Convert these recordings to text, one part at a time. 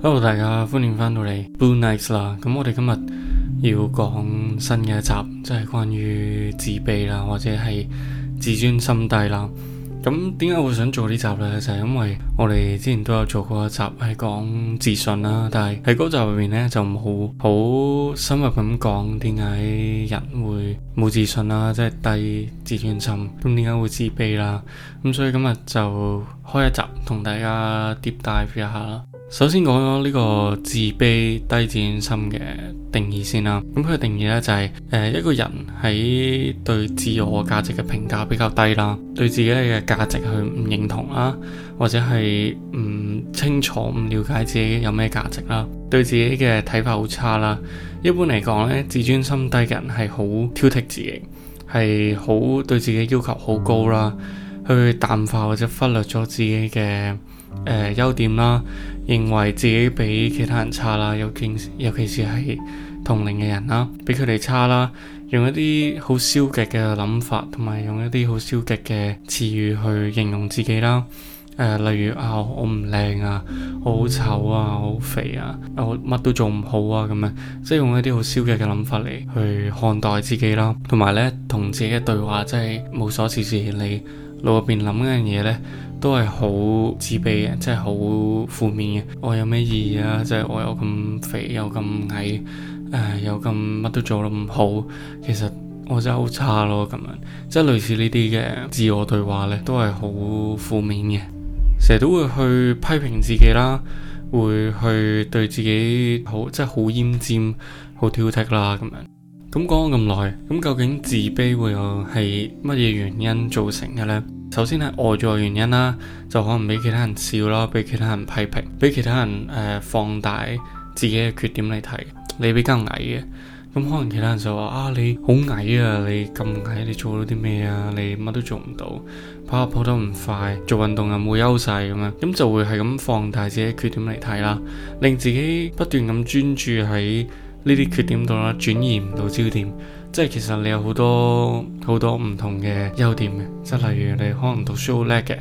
hello，大家歡迎翻到嚟 Blue Nights 啦。咁我哋今日要講新嘅一集，即係關於自卑啦，或者係自尊心低啦。咁點解我會想做呢集呢？就係、是、因為我哋之前都有做過一集係講自信啦，但係喺嗰集入面呢，就冇好深入咁講點解人會冇自信啦，即係低自尊心。咁點解會自卑啦？咁所以今日就開一集同大家 deep dive 一下啦。首先講咗呢個自卑低自尊心嘅定義先啦。咁佢嘅定義呢，就係誒一個人喺對自我價值嘅評價比較低啦，對自己嘅價值去唔認同啦，或者係唔清楚唔了解自己有咩價值啦，對自己嘅睇法好差啦。一般嚟講呢，自尊心低嘅人係好挑剔自己，係好對自己要求好高啦，去淡化或者忽略咗自己嘅，誒、呃，優點啦，認為自己比其他人差啦，尤其尤其是係同齡嘅人啦，比佢哋差啦，用一啲好消極嘅諗法，同埋用一啲好消極嘅詞語去形容自己啦。誒、呃，例如啊，我唔靚啊，我好醜啊，我好肥啊，我乜都做唔好啊，咁樣，即係用一啲好消極嘅諗法嚟去看待自己啦，同埋呢，同自己嘅對話即係無所事事你。腦入邊諗嗰樣嘢呢，都係好自卑嘅，即係好負面嘅。我有咩意義啊？即係我有咁肥，又咁矮，誒、呃，又咁乜都做得唔好，其實我真係好差咯。咁樣，即係類似呢啲嘅自我對話呢，都係好負面嘅，成日都會去批評自己啦，會去對自己好，即係好奄尖、好挑剔啦，咁樣。咁講咁耐，咁究竟自卑會係乜嘢原因造成嘅呢？首先係外在原因啦，就可能俾其他人笑啦，俾其他人批評，俾其他人誒、呃、放大自己嘅缺點嚟睇，你比較矮嘅，咁可能其他人就話啊，你好矮啊，你咁矮，你做到啲咩啊？你乜都做唔到，跑下跑得唔快，做運動又冇優勢咁樣，咁就會係咁放大自己缺點嚟睇啦，令自己不斷咁專注喺呢啲缺點度啦，轉移唔到焦點，即係其實你有好多好多唔同嘅優點嘅，即係例如你可能讀書好叻嘅，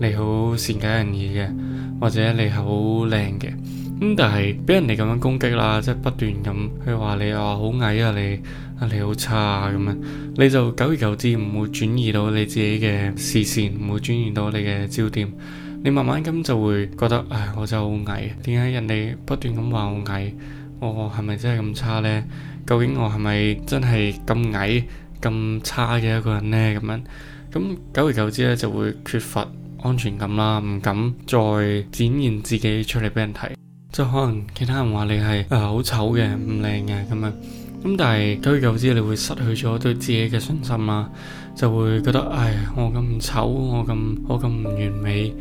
你好善解人意嘅，或者你好靚嘅，咁但係俾人哋咁樣攻擊啦，即係不斷咁去話你話、啊、好矮啊，你啊你好差啊咁樣，你就久而久之唔會轉移到你自己嘅視線，唔會轉移到你嘅焦點，你慢慢咁就會覺得，唉，我就好矮，點解人哋不斷咁話我矮？我係咪真係咁差呢？究竟我係咪真係咁矮咁差嘅一個人呢？咁樣咁久而久之咧，就會缺乏安全感啦，唔敢再展現自己出嚟俾人睇。即係 可能其他人話你係誒好醜嘅唔靚嘅咁啊，咁、呃、但係久而久之你會失去咗對自己嘅信心啦，就會覺得唉我咁醜我咁我咁唔完美。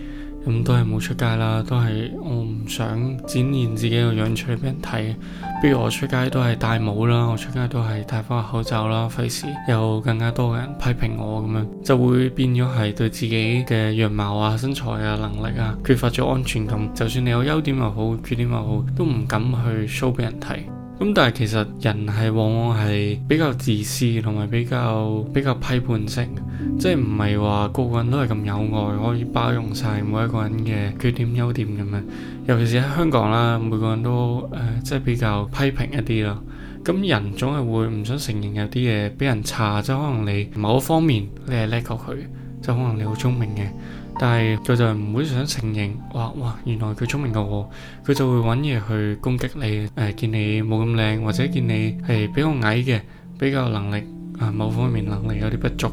咁、嗯、都係冇出街啦，都係我唔想展現自己個樣出去俾人睇。不如我出街都係戴帽啦，我出街都係戴翻個口罩啦，費事有更加多嘅人批評我咁樣，就會變咗係對自己嘅樣貌啊、身材啊、能力啊缺乏咗安全感。就算你有優點又好，缺點又好，都唔敢去 show 俾人睇。咁但係其實人係往往係比較自私，同埋比較比較批判性，即係唔係話個個人都係咁有愛，可以包容晒每一個人嘅缺點優點咁樣。尤其是喺香港啦，每個人都誒、呃、即係比較批評一啲咯。咁人總係會唔想承認有啲嘢俾人查，即可能你某一方面你係叻過佢，就可能你好聰明嘅。但係佢就唔會想承認，哇哇，原來佢聰明過我，佢就會揾嘢去攻擊你，誒、呃，見你冇咁靚，或者見你係比較矮嘅，比較能力啊、呃、某方面能力有啲不足，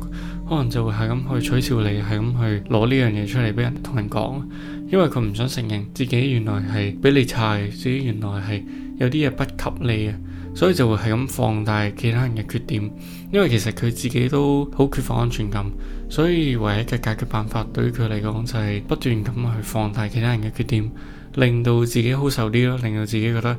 可能就會係咁去取笑你，係咁去攞呢樣嘢出嚟俾人同人講，因為佢唔想承認自己原來係比你差，自己原來係有啲嘢不及你啊。所以就會係咁放大其他人嘅缺點，因為其實佢自己都好缺乏安全感，所以唯一嘅解決辦法對於佢嚟講就係不斷咁去放大其他人嘅缺點，令到自己好受啲咯，令到自己覺得，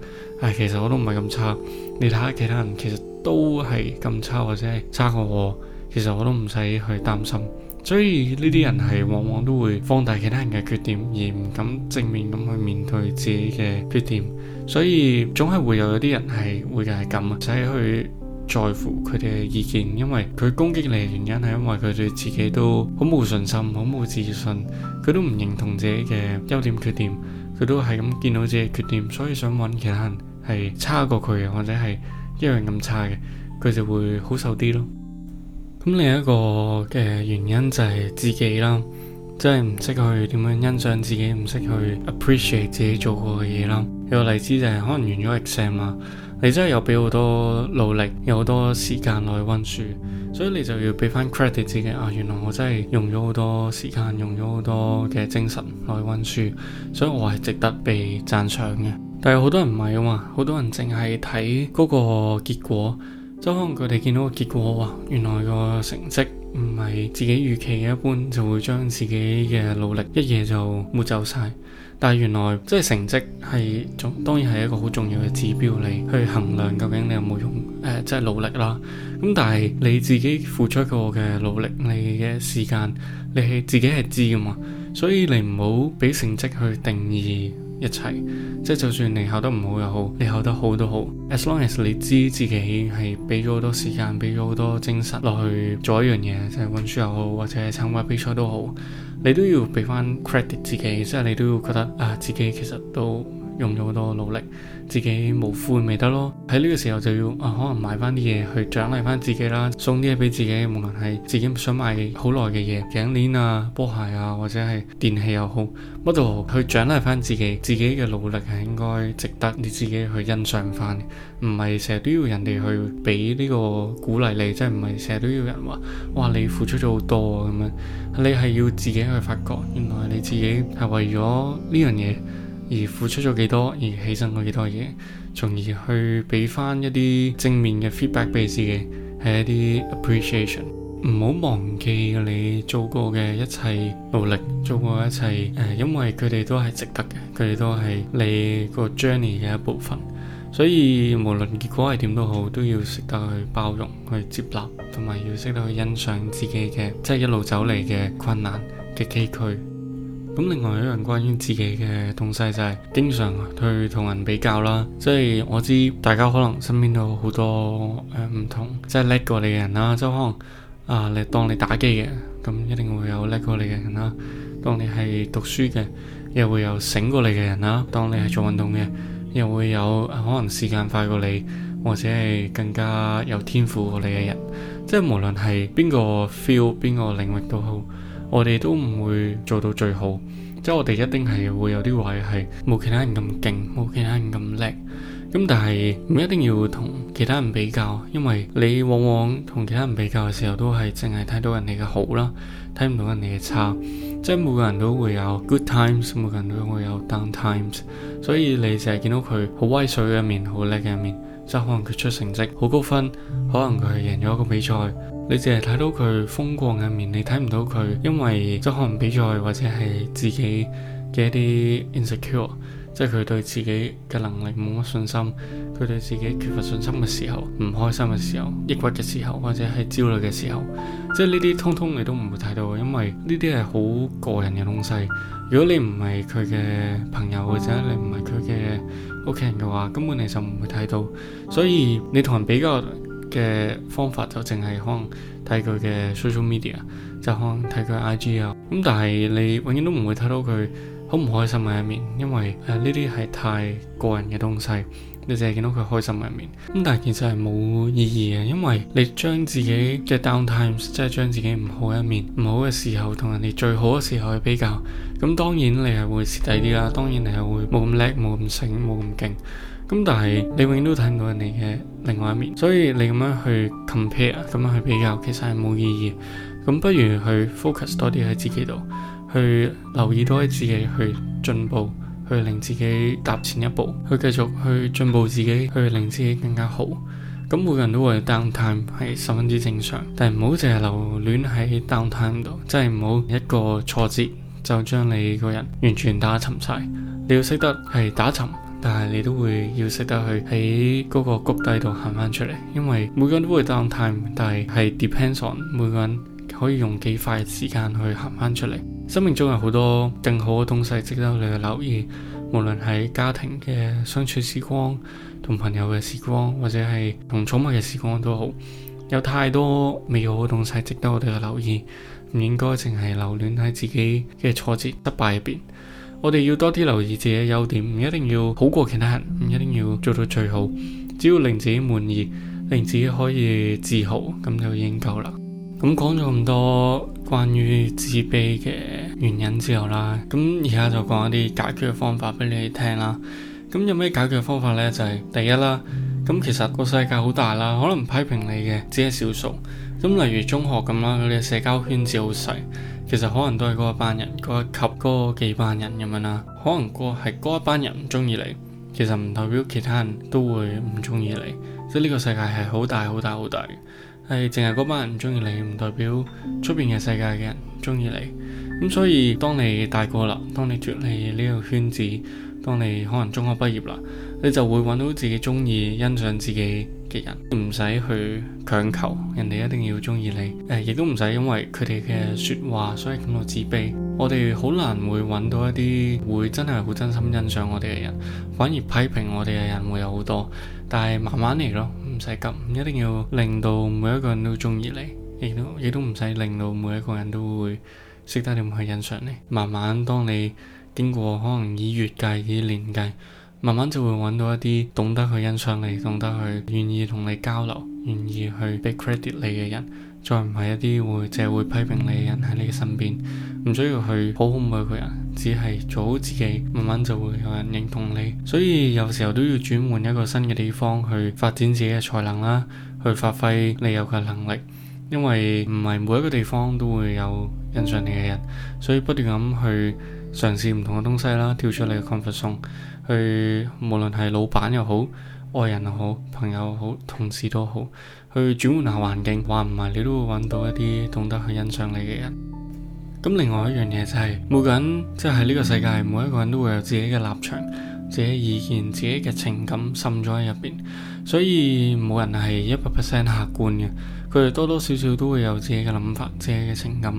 唉、哎，其實我都唔係咁差，你睇下其他人其實都係咁差或者係差過我，其實我都唔使去擔心。所以呢啲人係往往都會放大其他人嘅缺點，而唔敢正面咁去面對自己嘅缺點。所以總係會有有啲人係會係咁啊，唔使去在乎佢哋嘅意見，因為佢攻擊你嘅原因係因為佢對自己都好冇信心，好冇自信，佢都唔認同自己嘅優點缺點，佢都係咁見到自己嘅缺點，所以想揾其他人係差過佢嘅，或者係一樣咁差嘅，佢就會好受啲咯。咁另一個嘅原因就係自己啦。真係唔識去點樣欣賞自己，唔識去 appreciate 自己做過嘅嘢啦。有個例子就係可能完咗 exam 啊，你真係有俾好多努力，有好多時間去溫書，所以你就要俾翻 credit 自己啊。原來我真係用咗好多時間，用咗好多嘅精神來溫書，所以我係值得被讚賞嘅。但係好多人唔係啊嘛，好多人淨係睇嗰個結果，就可能佢哋見到個結果話，原來個成績。唔係自己預期嘅一般，就會將自己嘅努力一夜就抹走晒。但係原來即係成績係重，當然係一個好重要嘅指標嚟，去衡量究竟你有冇用誒、呃，即係努力啦。咁但係你自己付出過嘅努力，你嘅時間，你係自己係知噶嘛。所以你唔好俾成績去定義。一齊即係，就算你考得唔好又好，你考得好都好。As long as 你 you 知 know 自己係俾咗好多時間，俾咗好多精神落去做一樣嘢，就係溫書又好，或者係參加比賽都好，你都要俾翻 credit 自己，即係你都要覺得啊，自己其實都，用咗好多努力，自己無悔咪得咯。喺呢個時候就要啊，可能買翻啲嘢去獎勵翻自己啦，送啲嘢俾自己，無論係自己想買好耐嘅嘢，頸鏈啊、波鞋啊，或者係電器又好乜都好，去獎勵翻自己，自己嘅努力係應該值得你自己去欣賞翻，唔係成日都要人哋去俾呢個鼓勵你，即係唔係成日都要人話，哇你付出咗好多咁樣，你係要自己去發覺，原來你自己係為咗呢樣嘢。而付出咗幾多，而犧牲咗幾多嘢，從而去俾翻一啲正面嘅 feedback 俾自己，係一啲 appreciation。唔好忘記你做過嘅一切努力，做過一切誒、呃，因為佢哋都係值得嘅，佢哋都係你個 journey 嘅一部分。所以無論結果係點都好，都要識得去包容、去接納，同埋要識得去欣賞自己嘅，即係一路走嚟嘅困難嘅崎嶇。咁另外一樣關於自己嘅東西就係經常去同人比較啦，即係我知大家可能身邊都有好多誒唔同，即係叻過你嘅人啦，即係可能啊，你當你打機嘅，咁一定會有叻過你嘅人啦；當你係讀書嘅，又會有醒過你嘅人啦；當你係做運動嘅，又會有可能時間快過你，或者係更加有天賦過你嘅人，即係無論係邊個 field、邊個領域都好。我哋都唔會做到最好，即係我哋一定係會有啲位係冇其他人咁勁，冇其他人咁叻。咁但係唔一定要同其他人比較，因為你往往同其他人比較嘅時候，都係淨係睇到人哋嘅好啦，睇唔到人哋嘅差。即係每個人都會有 good times，每個人都會有 down times。所以你淨係見到佢好威水嘅一面，好叻嘅一面，即係可能佢出成績好高分，可能佢係贏咗一個比賽。你淨係睇到佢風光嘅面，你睇唔到佢因為可能比賽或者係自己嘅一啲 insecure，即係佢對自己嘅能力冇乜信心，佢對自己缺乏信心嘅時候，唔開心嘅時候，抑鬱嘅時候，或者係焦慮嘅時候，即係呢啲通通你都唔會睇到，因為呢啲係好個人嘅東西。如果你唔係佢嘅朋友或者你唔係佢嘅屋企人嘅話，根本你就唔會睇到。所以你同人比較嘅方法就淨係可能睇佢嘅 social media，就可能睇佢 IG 啊。咁但係你永遠都唔會睇到佢好唔開心嘅一面，因為呃，呢啲係太個人嘅東西。你淨係見到佢開心嘅一面，咁但係其實係冇意義嘅，因為你將自己嘅 down times，即係將自己唔好一面、唔好嘅時候，同人哋最好嘅時候去比較，咁當然你係會蝕底啲啦，當然你係會冇咁叻、冇咁醒、冇咁勁，咁但係你永遠都睇唔到人哋嘅另外一面，所以你咁樣去 compare，咁樣去比較，其實係冇意義，咁不如去 focus 多啲喺自己度，去留意多啲自己去進步。去令自己踏前一步，去繼續去進步自己，去令自己更加好。咁每個人都會 down time 係十分之正常，但唔好淨係留戀喺 down time 度，即係唔好一個挫折就將你個人完全打沉晒。你要識得係打沉，但係你都會要識得去喺嗰個谷底度行翻出嚟，因為每個人都會 down time，但係係 depends on 每個人。可以用幾快嘅時間去行翻出嚟。生命中有好多更好嘅東西值得你去留意，無論係家庭嘅相處時光、同朋友嘅時光，或者係同寵物嘅時光都好，有太多美好嘅東西值得我哋去留意。唔應該淨係留戀喺自己嘅挫折、失敗入邊。我哋要多啲留意自己嘅優點，唔一定要好過其他人，唔一定要做到最好，只要令自己滿意，令自己可以自豪，咁就已經夠啦。咁講咗咁多關於自卑嘅原因之後啦，咁而家就講一啲解決嘅方法俾你聽啦。咁有咩解決方法呢？就係第一啦。咁其實個世界好大啦，可能批評你嘅只係少數。咁例如中學咁啦，佢哋社交圈子好細，其實可能都係嗰一班人，嗰一級，嗰幾班人咁樣啦。可能個係嗰一班人唔中意你，其實唔代表其他人都會唔中意你。即係呢個世界係好大，好大，好大係淨係嗰班人唔中意你，唔代表出邊嘅世界嘅人中意你。咁所以當你大個啦，當你脫離呢個圈子，當你可能中學畢業啦，你就會揾到自己中意、欣賞自己嘅人，唔使去強求人哋一定要中意你。誒，亦都唔使因為佢哋嘅說話，所以感到自卑。我哋好難會揾到一啲會真係好真心欣賞我哋嘅人，反而批評我哋嘅人會有好多。但係慢慢嚟咯。唔使急，一定要令到每一個人都中意你，亦都亦都唔使令到每一個人都會識得點去欣賞你。慢慢當你經過可能以月計以年計，慢慢就會揾到一啲懂得去欣賞你、懂得去願意同你交流、願意去俾 credit 你嘅人。再唔係一啲會淨係會批評你嘅人喺你嘅身邊，唔需要去討好每個人，只係做好自己，慢慢就會有人認同你。所以有時候都要轉換一個新嘅地方去發展自己嘅才能啦，去發揮你有嘅能力，因為唔係每一個地方都會有欣賞你嘅人，所以不斷咁去嘗試唔同嘅東西啦，跳出你嘅 comfort zone，去無論係老闆又好，愛人又好，朋友好，同事都好。去轉換下環境，話唔埋你都會揾到一啲懂得去欣賞你嘅人。咁另外一樣嘢就係、是，每個人即係喺呢個世界，每一個人都會有自己嘅立場、自己意見、自己嘅情感滲咗喺入邊，所以冇人係一百 percent 客觀嘅，佢哋多多少少都會有自己嘅諗法、自己嘅情感，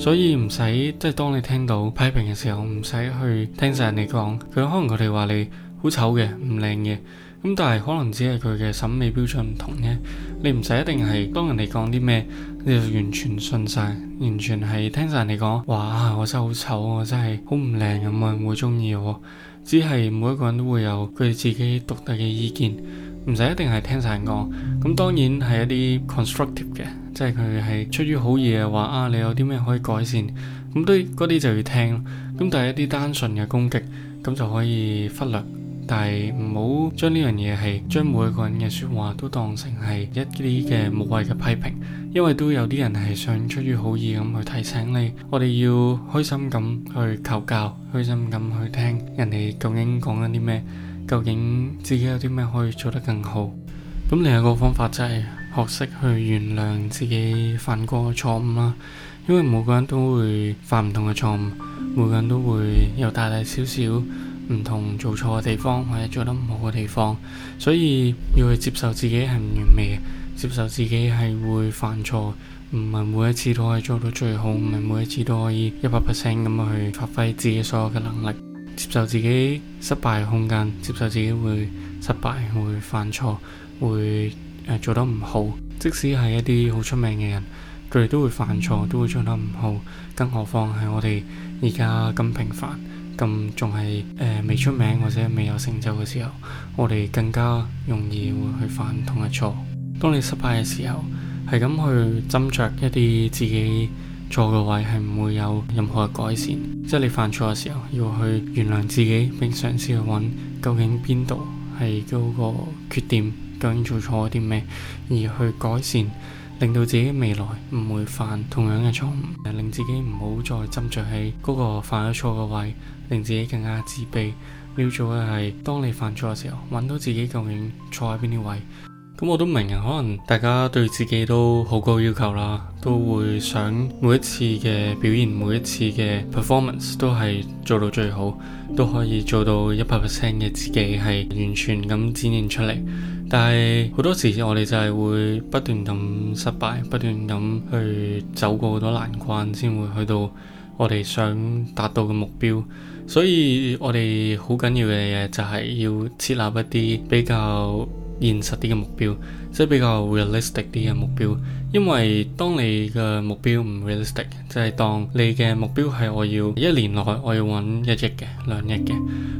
所以唔使即係當你聽到批評嘅時候，唔使去聽晒人哋講，佢可能佢哋話你好醜嘅、唔靚嘅。咁但係可能只係佢嘅審美標準唔同啫，你唔使一定係當人哋講啲咩，你就完全信晒，完全係聽晒人哋講，哇！我真係好醜，我真係好唔靚，咁冇人會中意我。只係每一個人都會有佢自己獨特嘅意見，唔使一定係聽晒人講。咁當然係一啲 constructive 嘅，即係佢係出於好意嘅話啊，你有啲咩可以改善？咁都嗰啲就要聽。咁但係一啲單純嘅攻擊，咁就可以忽略。但係唔好將呢樣嘢，係將每個人嘅說話都當成係一啲嘅無謂嘅批評，因為都有啲人係想出於好意咁去提醒你。我哋要開心咁去求教，開心咁去聽人哋究竟講緊啲咩，究竟自己有啲咩可以做得更好。咁另一個方法就係學識去原諒自己犯過嘅錯誤啦，因為每個人都會犯唔同嘅錯誤，每個人都會有大大小小，唔同做錯嘅地方，或者做得唔好嘅地方，所以要去接受自己係唔完美嘅，接受自己係會犯錯，唔係每一次都可以做到最好，唔係每一次都可以一百 percent 咁去發揮自己所有嘅能力，接受自己失敗嘅空間，接受自己會失敗，會犯錯，會誒、呃、做得唔好。即使係一啲好出名嘅人，佢哋都會犯錯，都會做得唔好，更何況係我哋而家咁平凡。咁仲係誒未出名或者未有成就嘅時候，我哋更加容易會去犯同一錯。當你失敗嘅時候，係咁去斟酌一啲自己錯嘅位，係唔會有任何嘅改善。即係你犯錯嘅時候，要去原諒自己，並嘗試去揾究竟邊度係嗰個缺點，究竟做錯咗啲咩，而去改善，令到自己未來唔會犯同樣嘅錯誤，令自己唔好再斟酌喺嗰個犯咗錯嘅位，令自己更加自卑。要做嘅係，當你犯錯嘅時候，揾到自己究竟錯喺邊啲位。咁 我都明啊，可能大家對自己都好高要求啦，都會想每一次嘅表現，每一次嘅 performance 都係做到最好，都可以做到一百 percent 嘅自己係完全咁展現出嚟。但係好多時我哋就係會不斷咁失敗，不斷咁去走過好多難關，先會去到。我哋想達到嘅目標，所以我哋好緊要嘅嘢就係要設立一啲比較現實啲嘅目標，即係比較 realistic 啲嘅目標。因為當你嘅目標唔 realistic，就係當你嘅目標係我要一年內我要揾一億嘅兩億嘅，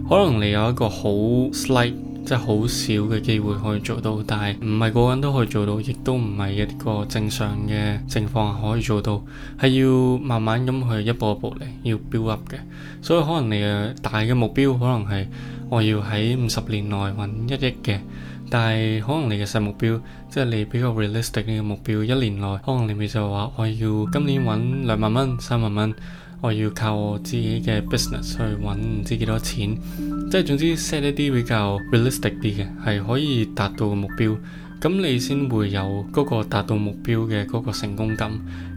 可能你有一個好 slight。即係好少嘅機會可以做到，但係唔係個個人都可以做到，亦都唔係一個正常嘅情況可以做到，係要慢慢咁去一步一步嚟，要 build up 嘅。所以可能你嘅大嘅目標可能係我要喺五十年內揾一億嘅，但係可能你嘅細目標，即係你比較 realistic 嘅目標，一年內可能你咪就話我要今年揾兩萬蚊、三萬蚊。我要靠我自己嘅 business 去揾唔知幾多錢，即係總之 set 一啲比較 realistic 啲嘅，係可以達到嘅目標，咁你先會有嗰個達到目標嘅嗰個成功感，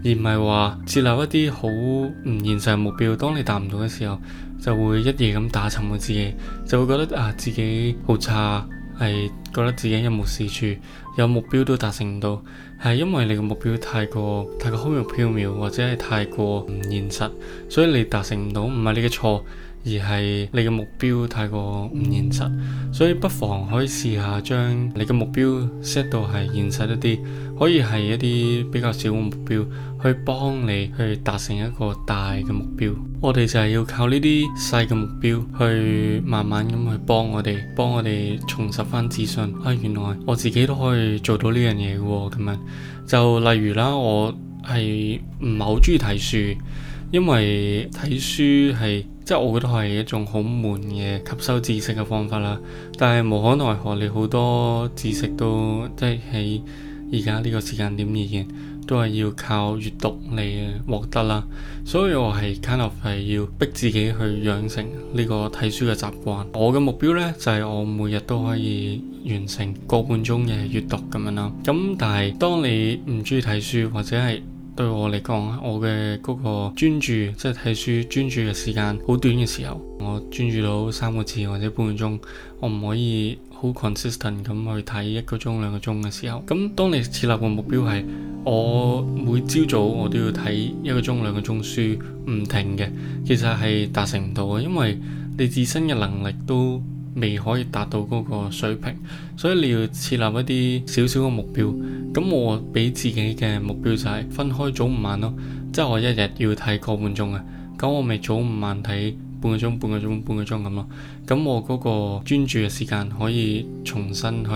而唔係話設立一啲好唔現實嘅目標。當你達唔到嘅時候，就會一夜咁打沉我自己，就會覺得啊自己好差，係覺得自己一無是處。有目標都達成唔到，係因為你個目標太過，太過虛無縹緲，或者係太過唔現實，所以你達成唔到，唔係你嘅錯。而係你嘅目標太過唔現實，所以不妨可以試下將你嘅目標 set 到係現實一啲，可以係一啲比較小嘅目標，去幫你去達成一個大嘅目標。我哋就係要靠呢啲細嘅目標去慢慢咁去幫我哋，幫我哋重拾翻自信。啊，原來我自己都可以做到呢、哦、樣嘢嘅喎，咁樣就例如啦，我係唔係好鍾意睇書，因為睇書係。即係我覺得係一種好悶嘅吸收知識嘅方法啦，但係無可奈何，你好多知識都即係喺而家呢個時間點而言，都係要靠閱讀嚟獲得啦。所以我係 kind of 係要逼自己去養成呢個睇書嘅習慣。我嘅目標呢，就係我每日都可以完成個半鐘嘅閱讀咁樣啦。咁但係當你唔中意睇書或者係對我嚟講，我嘅嗰個專注，即係睇書專注嘅時間，好短嘅時候，我專注到三個字或者半個鐘，我唔可以好 consistent 咁去睇一個鐘兩個鐘嘅時候。咁當你設立個目標係我每朝早我都要睇一個鐘兩個鐘書唔停嘅，其實係達成唔到嘅，因為你自身嘅能力都未可以達到嗰個水平，所以你要設立一啲少少嘅目標。咁我俾自己嘅目標就係分開早午晚咯，即係我一日要睇個半鐘呀，咁我咪早午晚睇半個鐘、半個鐘、半個鐘咁咯。咁我嗰個專注嘅時間可以重新去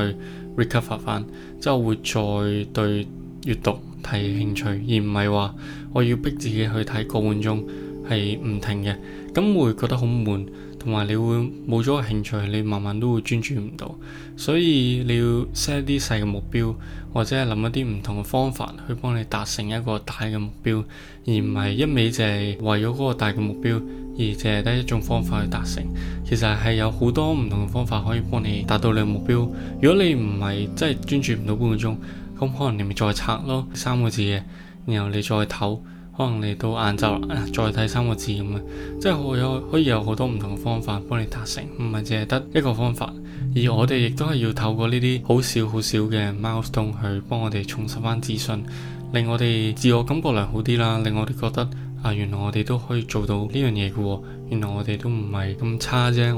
recover 翻，之後會再對,對閱讀提興趣，而唔係話我要逼自己去睇個半鐘係唔停嘅，咁會覺得好悶。同埋你會冇咗興趣，你慢慢都會專注唔到，所以你要 set 啲細嘅目標，或者係諗一啲唔同嘅方法去幫你達成一個大嘅目標，而唔係一味就係為咗嗰個大嘅目標而淨係得一種方法去達成。其實係有好多唔同嘅方法可以幫你達到你嘅目標。如果你唔係真係專注唔到半個鐘，咁可能你咪再拆咯，三個字嘅，然後你再唞。可能你到晏晝啦，再睇三個字咁啊，即係可有可以有好多唔同嘅方法幫你達成，唔係淨係得一個方法。而我哋亦都係要透過呢啲好少好少嘅 milestone 去幫我哋重拾翻自信，令我哋自我感覺良好啲啦，令我哋覺得啊，原來我哋都可以做到呢樣嘢嘅喎，原來我哋都唔係咁差啫。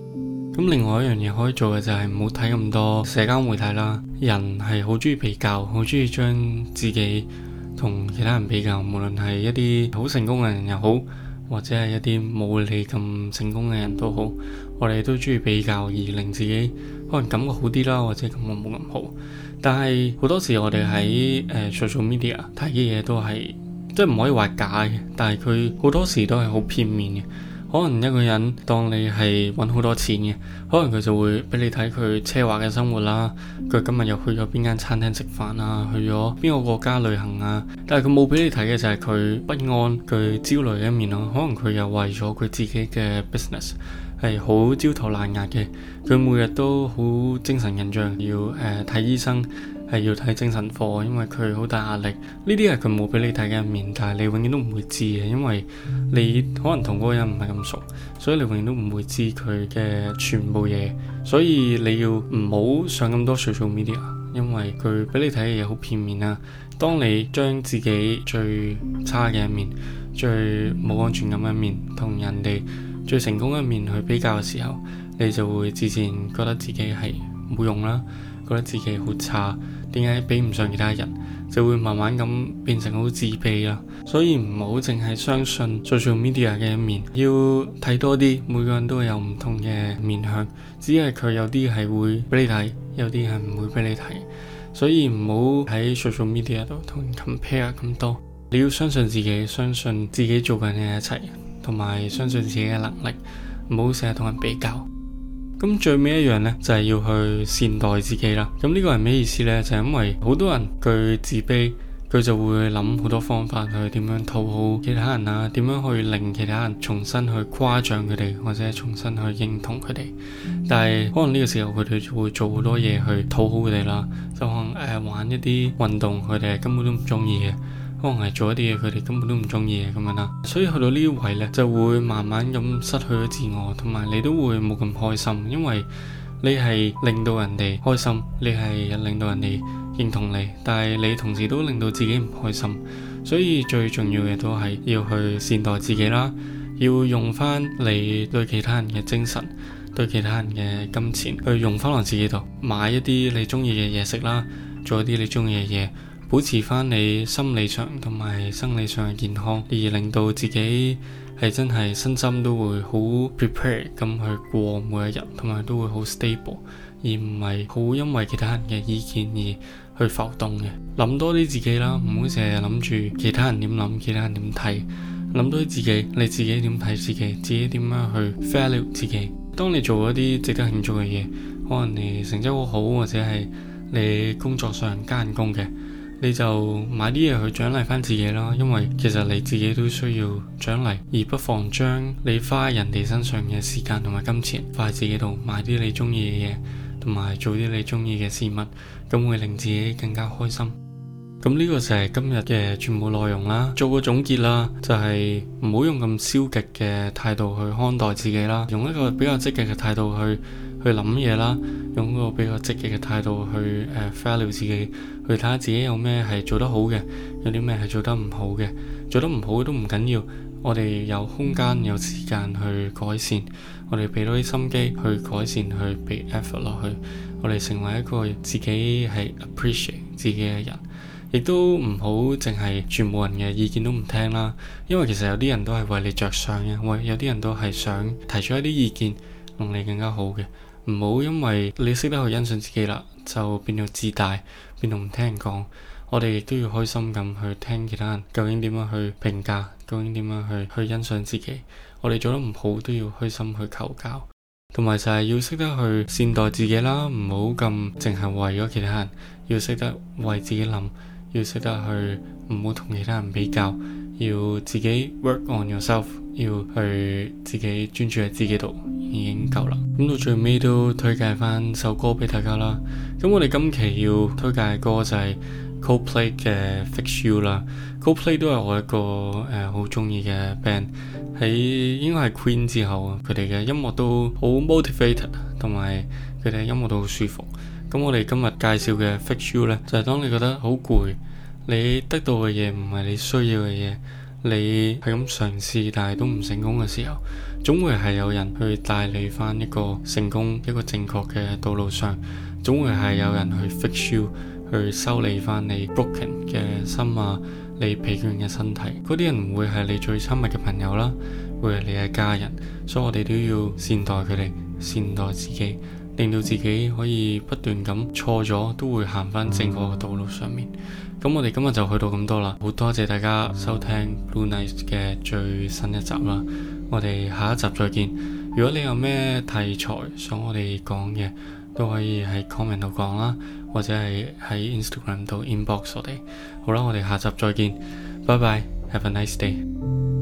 咁另外一樣嘢可以做嘅就係唔好睇咁多社交媒體啦，人係好中意比較，好中意將自己。同其他人比較，無論係一啲好成功嘅人又好，或者係一啲冇你咁成功嘅人都好，我哋都中意比較，而令自己可能感覺好啲啦，或者感本冇咁好。但係好多時我哋喺誒在做 media 睇嘅嘢都係，即係唔可以話假嘅，但係佢好多時都係好片面嘅。可能一個人當你係揾好多錢嘅，可能佢就會俾你睇佢奢華嘅生活啦。佢今日又去咗邊間餐廳食飯啊，去咗邊個國家旅行啊。但係佢冇俾你睇嘅就係佢不安、佢焦慮嘅一面咯。可能佢又為咗佢自己嘅 business 係好焦頭爛額嘅。佢每日都好精神緊張要誒睇、呃、醫生。係要睇精神科，因為佢好大壓力。呢啲係佢冇俾你睇嘅一面，但係你永遠都唔會知嘅，因為你可能同嗰個人唔係咁熟，所以你永遠都唔會知佢嘅全部嘢。所以你要唔好上咁多社交媒體，因為佢俾你睇嘅嘢好片面啊。當你將自己最差嘅一面、最冇安全感嘅一面，同人哋最成功嘅一面去比較嘅時候，你就會自然覺得自己係冇用啦。覺得自己好差，點解比唔上其他人，就會慢慢咁變成好自卑啦。所以唔好淨係相信 social media 嘅一面，要睇多啲。每個人都有唔同嘅面向，只係佢有啲係會俾你睇，有啲係唔會俾你睇。所以唔好喺 social media 度同人 compare 咁多。你要相信自己，相信自己做緊嘅一切，同埋相信自己嘅能力，唔好成日同人比較。咁最尾一樣呢，就係要去善待自己啦。咁呢個係咩意思呢？就係因為好多人佢自卑，佢就會諗好多方法去點樣討好其他人啊，點樣去令其他人重新去誇獎佢哋，或者重新去認同佢哋。但係可能呢個時候佢哋會做好多嘢去討好佢哋啦，就可能、呃、玩一啲運動，佢哋根本都唔中意嘅。幫人做一啲嘢，佢哋根本都唔中意嘅咁樣啦，所以去到呢啲位呢，就會慢慢咁失去咗自我，同埋你都會冇咁開心，因為你係令到人哋開心，你係令到人哋認同你，但係你同時都令到自己唔開心，所以最重要嘅都係要去善待自己啦，要用翻你對其他人嘅精神，對其他人嘅金錢去用翻落自己度，買一啲你中意嘅嘢食啦，做一啲你中意嘅嘢。保持翻你心理上同埋生理上嘅健康，而令到自己係真係身心都會好 prepared 咁去過每一日，同埋都會好 stable，而唔係好因為其他人嘅意見而去浮動嘅。諗多啲自己啦，唔好成日諗住其他人點諗，其他人點睇，諗多啲自己，你自己點睇自己，自己點樣去 value 自己。當你做一啲值得慶祝嘅嘢，可能你成績好好，或者係你工作上加人工嘅。你就買啲嘢去獎勵翻自己啦，因為其實你自己都需要獎勵，而不妨將你花喺人哋身上嘅時間同埋金錢，花喺自己度買啲你中意嘅嘢，同埋做啲你中意嘅事物，咁會令自己更加開心。咁呢個就係今日嘅全部內容啦，做個總結啦，就係唔好用咁消極嘅態度去看待自己啦，用一個比較積極嘅態度去。去諗嘢啦，用嗰個比較積極嘅態度去誒、uh, value 自己，去睇下自己有咩係做得好嘅，有啲咩係做得唔好嘅，做得唔好都唔緊要，我哋有空間有時間去改善，我哋俾多啲心機去改善，去俾 effort 落去，我哋成為一個自己係 appreciate 自己嘅人，亦都唔好淨係全部人嘅意見都唔聽啦，因為其實有啲人都係為你着想嘅，喂，有啲人都係想提出一啲意見令你更加好嘅。唔好因為你識得去欣賞自己啦，就變到自大，變到唔聽人講。我哋亦都要開心咁去聽其他人究竟點樣去評價，究竟點樣去去欣賞自己。我哋做得唔好都要開心去求教，同埋就係要識得去善待自己啦。唔好咁淨係為咗其他人，要識得為自己諗，要識得去，唔好同其他人比較，要自己 work on yourself，要去自己專注喺自己度。已經夠啦，咁到最尾都推介翻首歌俾大家啦。咁我哋今期要推介嘅歌就係 Coldplay 嘅 Fix You 啦。Coldplay 都係我一個誒好中意嘅 band，喺應該係 Queen 之後，佢哋嘅音樂都好 motivated，同埋佢哋嘅音樂都好舒服。咁我哋今日介紹嘅 Fix You 呢，就係當你覺得好攰，你得到嘅嘢唔係你需要嘅嘢，你係咁嘗試但係都唔成功嘅時候，總會係有人去帶你翻一個成功，一個正確嘅道路上，總會係有人去 fix you，去修理翻你 broken 嘅心啊，你疲倦嘅身體。嗰啲人唔會係你最親密嘅朋友啦，會係你嘅家人，所以我哋都要善待佢哋，善待自己，令到自己可以不斷咁錯咗都會行翻正確嘅道路上面。咁、嗯、我哋今日就去到咁多啦，好多謝大家收聽 Blue Night 嘅最新一集啦。我哋下一集再見。如果你有咩題材想我哋講嘅，都可以喺 comment 度講啦，或者係喺 Instagram 度 inbox 我哋。好啦，我哋下集再見。拜拜，Have a nice day。